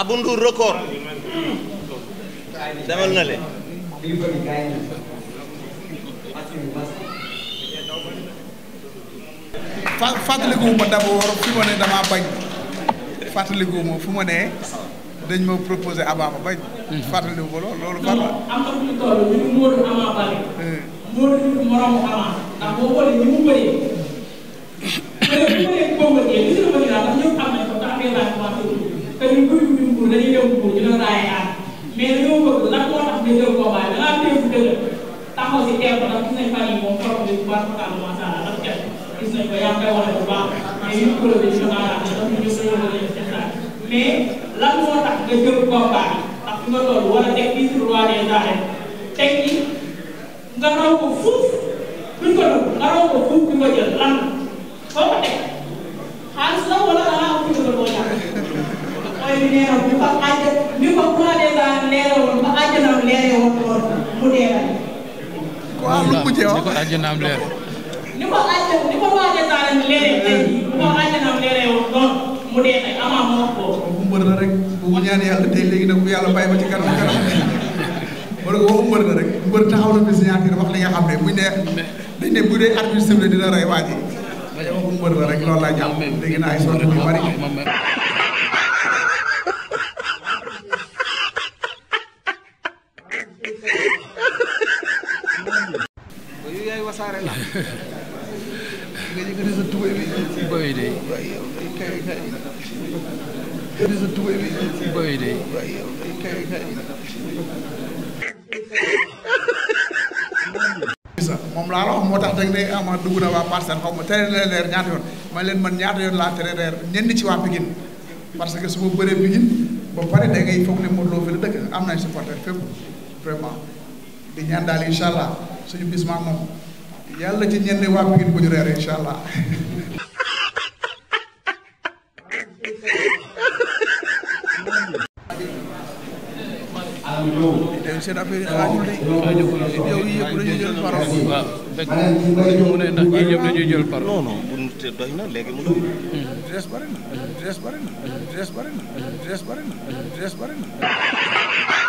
Abou Ndour record demal na le fa fàttalikuwu ma d'abord fi ma ne damaa bañ fàttalikuwu ma fu ma ne dañ ma proposé Abba bañ. Hmm. fàttalikuwu ma loolu loolu. fàttali am na fu ñu toll ñu ngi Modou Ama Baldé. Hmm. Modou moromu Ama ndax boo xoolee ni mu bëree. bëree bu bëree Bombardier li si la bëri daal ndax ñëpp xam nañ ko tax day laaj commencé wu ñu te ñun bëri ñu ñu dañuy dem ñu la raay aar mais dañoo bëgg lan moo tax ñu jël combat da ngaa téye fu dëgg. Pape aussi teew ko ndax gis nañ fan yii moom trop de bu baax ko taal macha allah ndax kenn gis nañ ko yaa ngi koy waxee bu baax mais yu projet yi dafa laaj dafa ñëw sa wala def mais lan moo tax nga jël combat ndax fi nga toll wala teg fii sur roi des arènes teg ci nga raw ko fuuf buñ ko dugg nga raw ko fuuf bi nga jël lan foo ko teg xaalis la wala xaalis bi nga doon ñàkk. ni ko àjjanaam leer ni ko àjj ni ko leere tey ni ko àjjanaam leere woon noonu mu dee tey amaa moo ko bu mbër la rek bu ñaan yàlla tey léegi nag bu yàlla bàyyi ba ci kanam kanam wala ko waxu mbër la rek mbër taxaw bi signature wax li nga xam ne buñ ne dañ ne bu dee dina rey waa ji waxu mbër loolu laa jàpp naa ay sonn yu bari wasaare la nga yëkkati moom laa la wax moo tax da nga ne ama ah, dugg na waa parcelle xaw ma tere leen reer yoon man leen man ñaata yoon laa tere reer ñenn parce que su ma bëree Pikine ba pare da foog ne Modou Lo fi la dëkk am nañ supporter fépp vraiment di ñaan daal incha allah suñu bis moom yàlla ci ñenn waa Pikine bu ñu reer incha allah. yow seen affaire yi aajul de yow yi yëpp dañuy jël parole. waaw fekk mu ne ndax yii yëpp dañuy jël parole. non non bu ñu te doy na léegi na des bari na des bari na des bari na na.